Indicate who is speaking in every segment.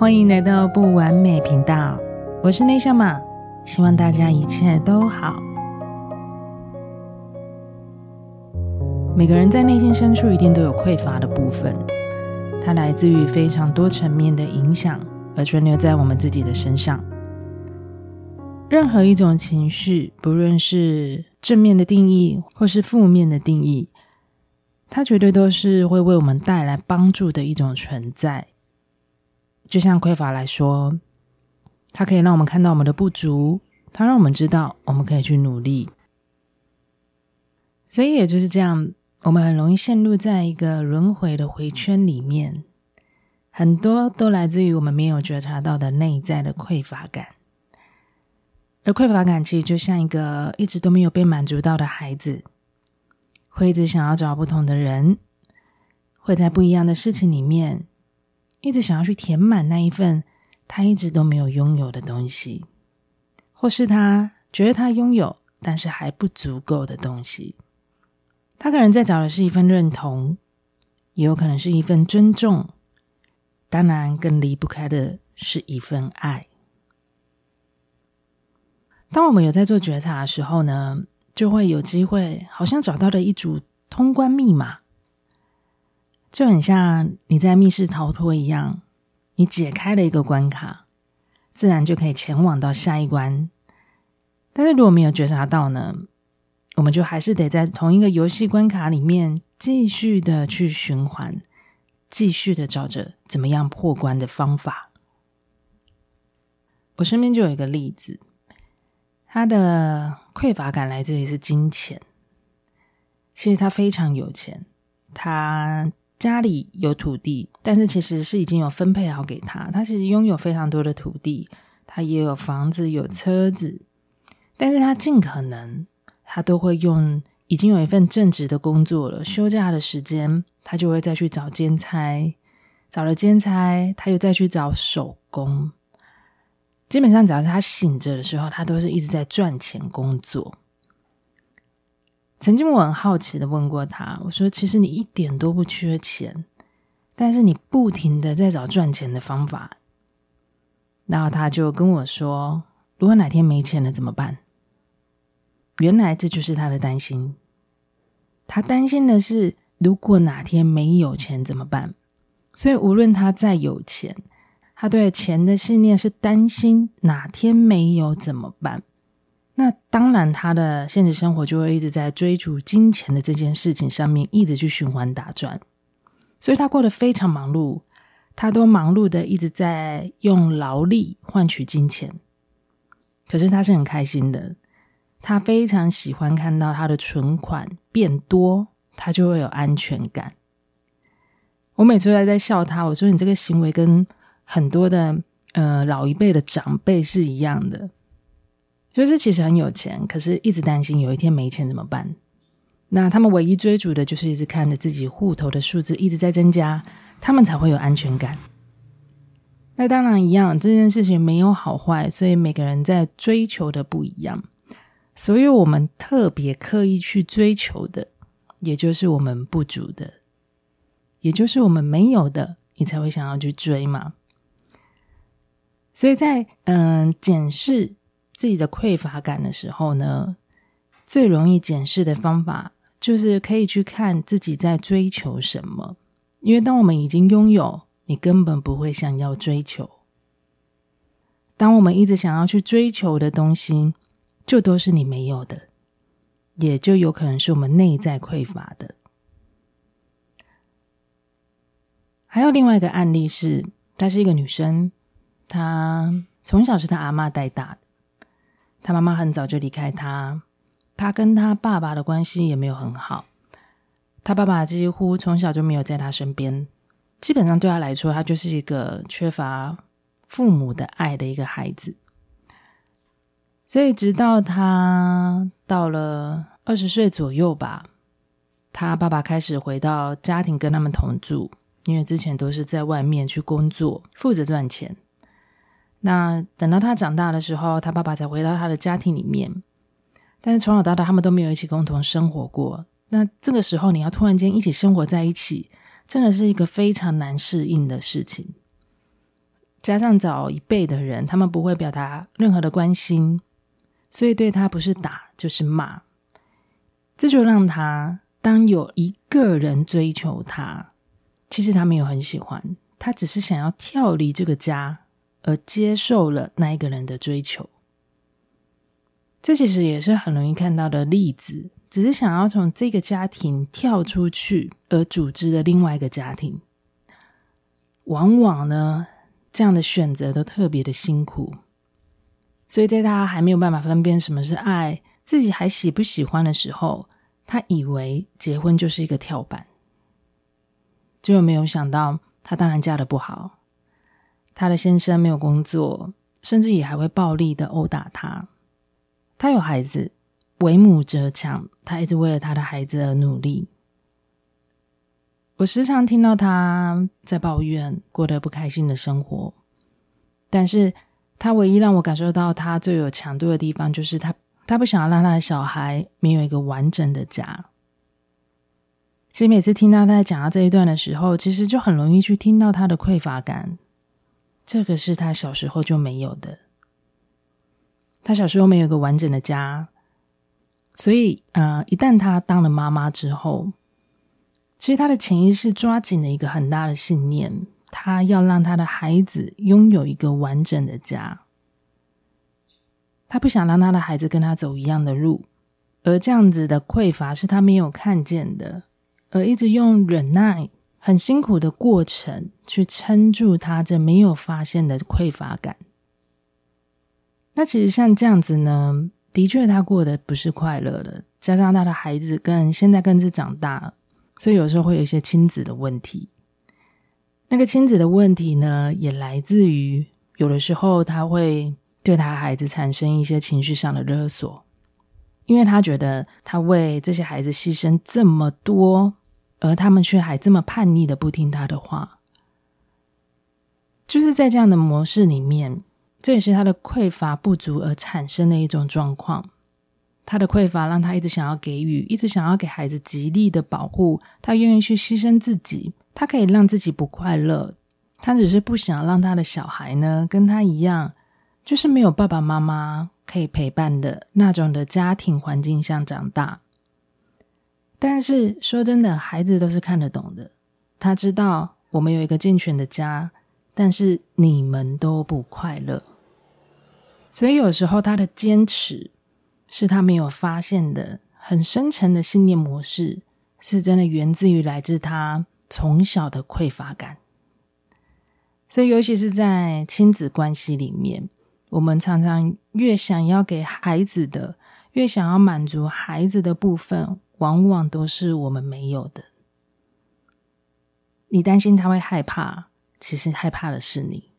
Speaker 1: 歡迎來到不完美頻道，我是內夏瑪，希望大家一切都好。每個人在內心深處一定都有匱乏的部分，它來自於非常多層面的影響，而存留在我們自己的身上。任何一種情緒，不論是正面的定義或是負面的定義，它絕對都是會為我們帶來幫助的一種存在。就像匱乏來說，它可以讓我們看到我們的不足，它讓我們知道我們可以去努力。所以也就是這樣，我們很容易陷入在一個輪回的回圈裡面，很多都來自於我們沒有覺察到的內在的匱乏感。而匱乏感其實就像一個一直都沒有被滿足到的孩子，會一直想要找不同的人，會在不一樣的事情裡面。一直想要去填滿那一份他一直都沒有擁有的東西，或是他覺得他擁有但是還不足夠的東西，他可能在找的是一份認同，也有可能是一份尊重，當然更離不開的是一份愛。當我們有在做覺察的時候呢，就會有機會好像找到了一組通關密碼。就很像你在密室逃脫一樣，你解開了一個關卡，自然就可以前往到下一關。但是如果沒有覺察到呢，我們就還是得在同一個遊戲關卡裡面繼續的去循環，繼續的找着怎麼樣破關的方法。我身邊就有一個例子，他的匱乏感來自於是金錢，其實他非常有錢，他。家裡有土地，但是其實是已經有分配好給他。他其實擁有非常多的土地，他也有房子、有車子，但是他儘可能他都會用已經有一份正職的工作了。休假的時間，他就會再去找兼差，找了兼差，他又再去找手工。基本上，只要是他醒着的時候，他都是一直在賺錢工作。曾經我很好奇的問過他，我說：“其實你一點都不缺錢，但是你不停的在找賺錢的方法。”然後他就跟我說：“如果哪天沒錢了怎麼辦？”原來這就是他的擔心。他擔心的是，如果哪天沒有錢怎麼辦？所以無論他再有錢，他對錢的信念是擔心哪天沒有怎麼辦。那當然，他的現實生活就會一直在追逐金錢的這件事情上面一直去循環打轉，所以他過得非常忙碌，他都忙碌的一直在用勞力換取金錢。可是他是很開心的，他非常喜歡看到他的存款變多，他就會有安全感。我每次都在笑他，我說，你這個行為跟很多的呃老一輩的長輩是一樣的。就是其實很有錢，可是一直擔心有一天沒錢怎麼辦？那他們唯一追逐的，就是一直看着自己戶頭的數字一直在增加，他們才會有安全感。那當然一樣，這件事情沒有好壞，所以每個人在追求的不一樣。所以我們特別刻意去追求的，也就是我們不足的，也就是我們沒有的，你才會想要去追嘛。所以在嗯檢視。呃自己的匱乏感的時候呢，最容易檢視的方法就是可以去看自己在追求什麼。因為當我們已經擁有，你根本不會想要追求；當我們一直想要去追求的東西，就都是你沒有的，也就有可能是我們內在匱乏的。還有另外一個案例是，她是一個女生，她從小是她阿嬤帶大的。他媽媽很早就離開他，他跟他爸爸的關係也沒有很好，他爸爸幾乎從小就沒有在他身邊，基本上對他來說，他就是一個缺乏父母的愛的一個孩子。所以，直到他到了二十歲左右吧，他爸爸開始回到家庭跟他們同住，因為之前都是在外面去工作，負責賺錢。那等到他長大的時候，他爸爸才回到他的家庭裡面，但是從小到大，他們都沒有一起共同生活過。那這個時候，你要突然間一起生活在一起，真的是一個非常難適應的事情。加上早一輩的人，他們不會表達任何的關心，所以對他不是打就是罵，這就讓他當有一個人追求他，其實他沒有很喜歡，他只是想要跳離這個家，而接受了那一個人的追求，這其實也是很容易看到的例子。只是想要從這個家庭跳出去而組織的另外一個家庭，往往呢，這樣的選擇都特別的辛苦。所以在他還沒有辦法分辨什麼是愛，自己還喜不喜歡的時候，他以為結婚就是一個跳板，就有沒有想到他當然嫁得不好。她的先生沒有工作，甚至也還會暴力地毆打她。她有孩子，為母則強，她一直為了她的孩子而努力。我時常聽到她在抱怨過得不開心的生活，但是她唯一讓我感受到她最有強度的地方，就是她她不想要讓她的小孩沒有一個完整的家。其實每次聽到她在講到這一段的時候，其實就很容易去聽到她的匱乏感。這個是他小時候就沒有的，他小時候沒有一個完整的家，所以，呃，一旦他當了媽媽之後，其實他的潛意識抓緊了一個很大的信念，他要讓他的孩子擁有一個完整的家，他不想讓他的孩子跟他走一樣的路，而這樣子的匱乏是他沒有看見的，而一直用忍耐，很辛苦的過程，去撐住他這沒有發現的匱乏感。那其實像這樣子呢，的確他過得不是快樂的。加上他的孩子更現在更是長大，所以有時候會有一些親子的問題。那個親子的問題呢，也來自於有的時候他會對他孩子產生一些情緒上的勒索，因為他覺得他為這些孩子犧牲這麼多。而他們卻還這麼叛逆的不聽他的話，就是在這樣的模式裡面，這也是他的匱乏不足而產生的一種狀況。他的匱乏讓他一直想要給予，一直想要給孩子極力的保護，他願意去犧牲自己，他可以讓自己不快樂，他只是不想讓他的小孩呢跟他一樣，就是沒有爸爸媽媽可以陪伴的那種的家庭環境下長大。但是說真的，孩子都是看得懂的。他知道我們有一個健全的家，但是你們都不快樂。所以有時候他的堅持，是他沒有發現的很深沉的信念模式，是真的源自於來自他從小的匱乏感。所以尤其是在親子關係裡面，我們常常越想要給孩子的，越想要滿足孩子的部分。往往都是我們沒有的。你擔心他會害怕，其實害怕的是你。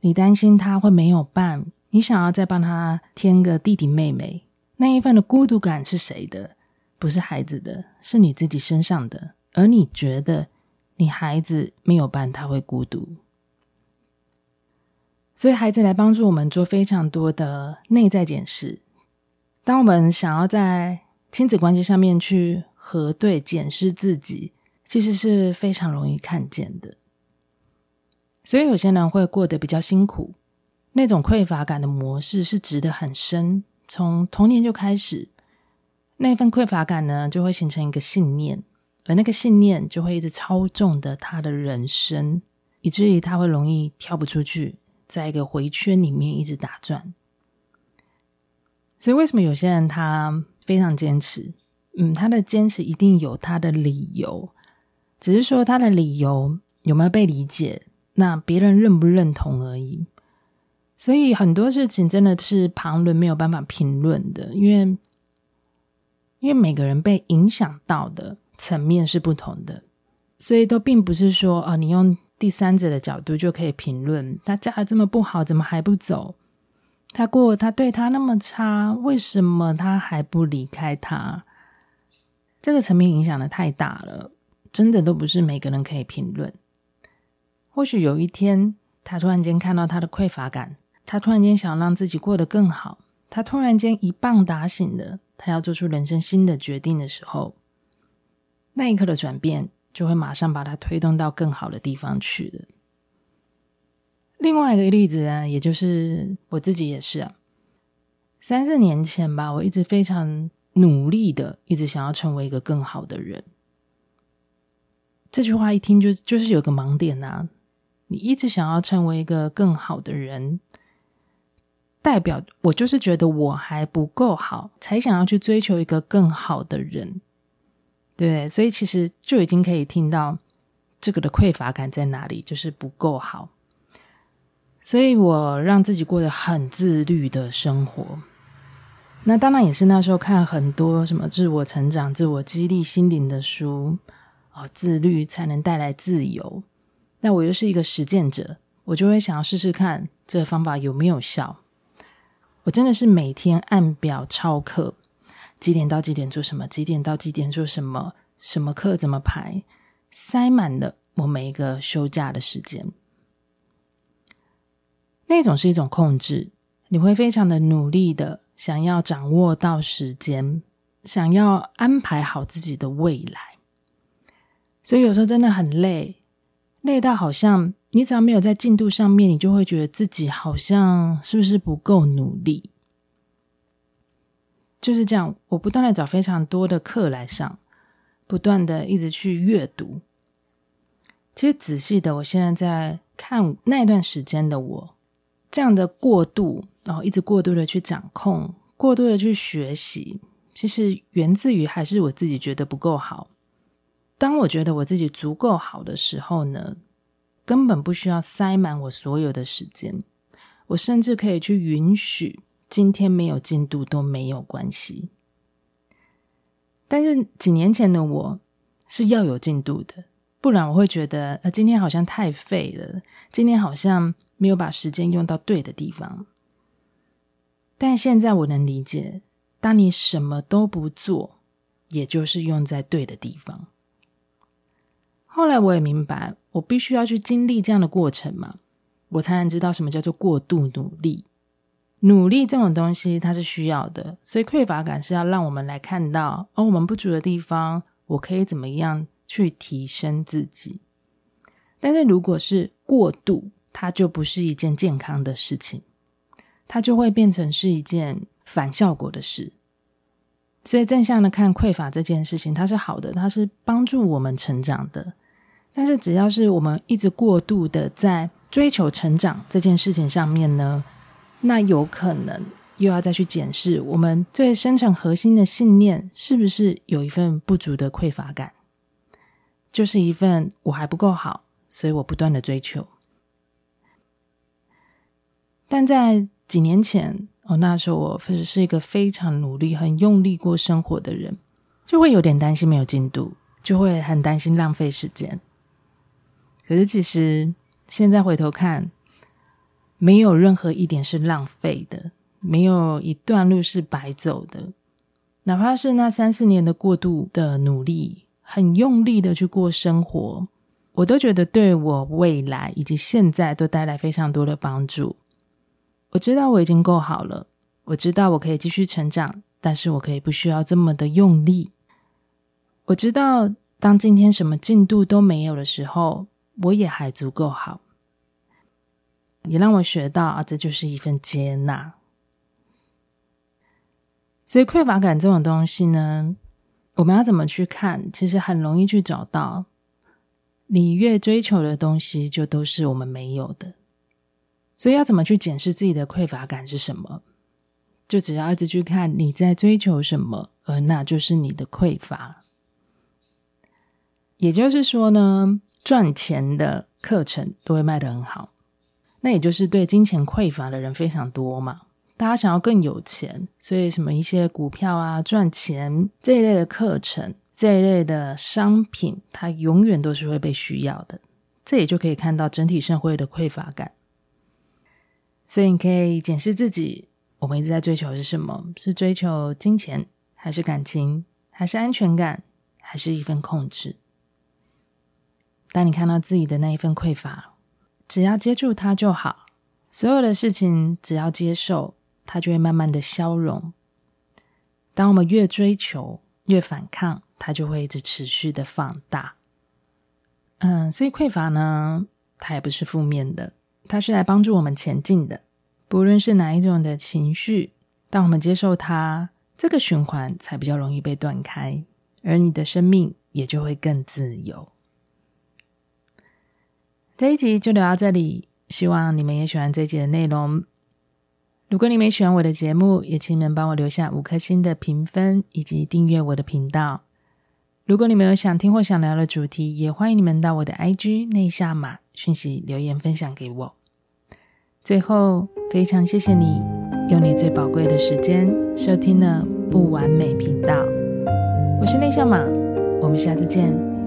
Speaker 1: 你擔心他會沒有伴，你想要再幫他添個弟弟妹妹，那一份的孤獨感是誰的？不是孩子的，是你自己身上的。而你覺得你孩子沒有伴，他會孤獨，所以孩子來幫助我們做非常多的內在檢視。當我們想要在親子關係上面去核對檢視自己，其實是非常容易看見的。所以有些人會過得比較辛苦，那種匱乏感的模式是植得很深，從童年就開始，那份匱乏感呢就會形成一個信念，而那個信念就會一直操縱著他的人生，以至於他會容易跳不出去，在一個迴圈裡面一直打轉。所以為什麼有些人他非常堅持，嗯，他的堅持一定有他的理由，只是說他的理由有沒有被理解，那別人認不認同而已。所以很多事情真的是旁人沒有辦法評論的，因為因為每個人被影響到的層面是不同的，所以都並不是說啊，你用第三者的角度就可以評論，他嫁的這麼不好，怎麼還不走？他過，他對他那麼差，為什麼他還不離開他？這個層面影響的太大了，真的都不是每個人可以評論。或許有一天，他突然間看到他的匱乏感，他突然間想讓自己過得更好，他突然間一棒打醒了，他要做出人生新的決定的時候，那一刻的轉變，就會馬上把他推動到更好的地方去了。另外一個例子啊，也就是我自己也是啊，三四年前吧，我一直非常努力的，一直想要成為一個更好的人。這句話一聽就就是有個盲點啊，你一直想要成為一個更好的人，代表我就是覺得我還不夠好，才想要去追求一個更好的人。對,對，所以其實就已經可以聽到這個的匱乏感在哪裡，就是不夠好。所以我讓自己過着很自律的生活，那當然也是那時候看很多什麼自我成長、自我激勵、心靈的書哦，自律才能帶來自由。那我又是一個實踐者，我就會想要試試看這個方法有沒有效。我真的是每天按表操課，幾點到幾點做什麼，幾點到幾點做什麼，什麼課怎麼排，塞滿了我每一個休假的時間。那種是一種控制，你會非常的努力的想要掌握到時間，想要安排好自己的未來，所以有時候真的很累，累到好像你只要沒有在進度上面，你就會覺得自己好像是不是不夠努力，就是這樣。我不斷的找非常多的課來上，不斷的一直去閱讀。其實仔細的，我現在在看那一段時間的我。這樣的過度，然後一直過度的去掌控，過度的去學習，其實源自於還是我自己覺得不夠好。當我覺得我自己足夠好的時候呢，根本不需要塞滿我所有的時間。我甚至可以去允許今天沒有進度都沒有關係。但是幾年前的我是要有進度的，不然我會覺得，呃，今天好像太廢了，今天好像。沒有把時間用到對的地方，但現在我能理解，當你什麼都不做，也就是用在對的地方。後來我也明白，我必須要去經歷這樣的過程嘛，我才能知道什麼叫做過度努力。努力這種東西，它是需要的，所以匱乏感是要讓我們來看到，而、哦、我們不足的地方，我可以怎麼樣去提升自己。但是如果是過度，它就不是一件健康的事情，它就會變成是一件反效果的事。所以正向的看匱乏這件事情，它是好的，它是幫助我們成長的。但是只要是我們一直過度的在追求成長這件事情上面呢，那有可能又要再去檢視我們最深層核心的信念是不是有一份不足的匱乏感，就是一份我還不夠好，所以我不斷的追求。但在幾年前，我、哦、那時候我是一個非常努力、很用力過生活的人，就會有點擔心沒有進度，就會很擔心浪費時間。可是其實現在回頭看，沒有任何一點是浪費的，沒有一段路是白走的。哪怕是那三四年的過度的努力，很用力的去過生活，我都覺得對我未來以及現在都帶來非常多的幫助。我知道我已經夠好了，我知道我可以繼續成長，但是我可以不需要這麼的用力。我知道當今天什麼進度都沒有的時候，我也還足夠好。也讓我學到啊，這就是一份接納。所以匱乏感這種東西呢，我們要怎麼去看？其實很容易去找到。你越追求的東西，就都是我們沒有的。所以要怎麼去檢視自己的匱乏感是什麼？就只要一直去看你在追求什麼，而那就是你的匱乏。也就是說呢，賺錢的課程都會賣得很好，那也就是對金錢匱乏的人非常多嘛。大家想要更有錢，所以什麼一些股票啊、賺錢這一類的課程、這一類的商品，它永遠都是會被需要的。這也就可以看到整體社會的匱乏感。所以你可以檢視自己，我們一直在追求的是什麼？是追求金錢，還是感情，還是安全感，還是一份控制？當你看到自己的那一份匱乏，只要接住它就好。所有的事情只要接受，它就會慢慢的消融。當我們越追求，越反抗，它就會一直持續的放大。嗯，所以匱乏呢，它也不是負面的。它是來幫助我們前進的，不論是哪一種的情緒，當我們接受它，這個循環才比較容易被斷開，而你的生命也就會更自由。這一集就聊到這裡，希望你們也喜歡這一集的內容。如果你們也喜歡我的節目，也請你們幫我留下五顆星的評分以及訂閱我的頻道。如果你們有想聽或想聊的主題，也歡迎你們到我的 IG 內夏瑪訊息留言分享給我。最後，非常謝謝你用你最寶貴的時間收聽了不完美頻道。我是內夏瑪，我們下次見。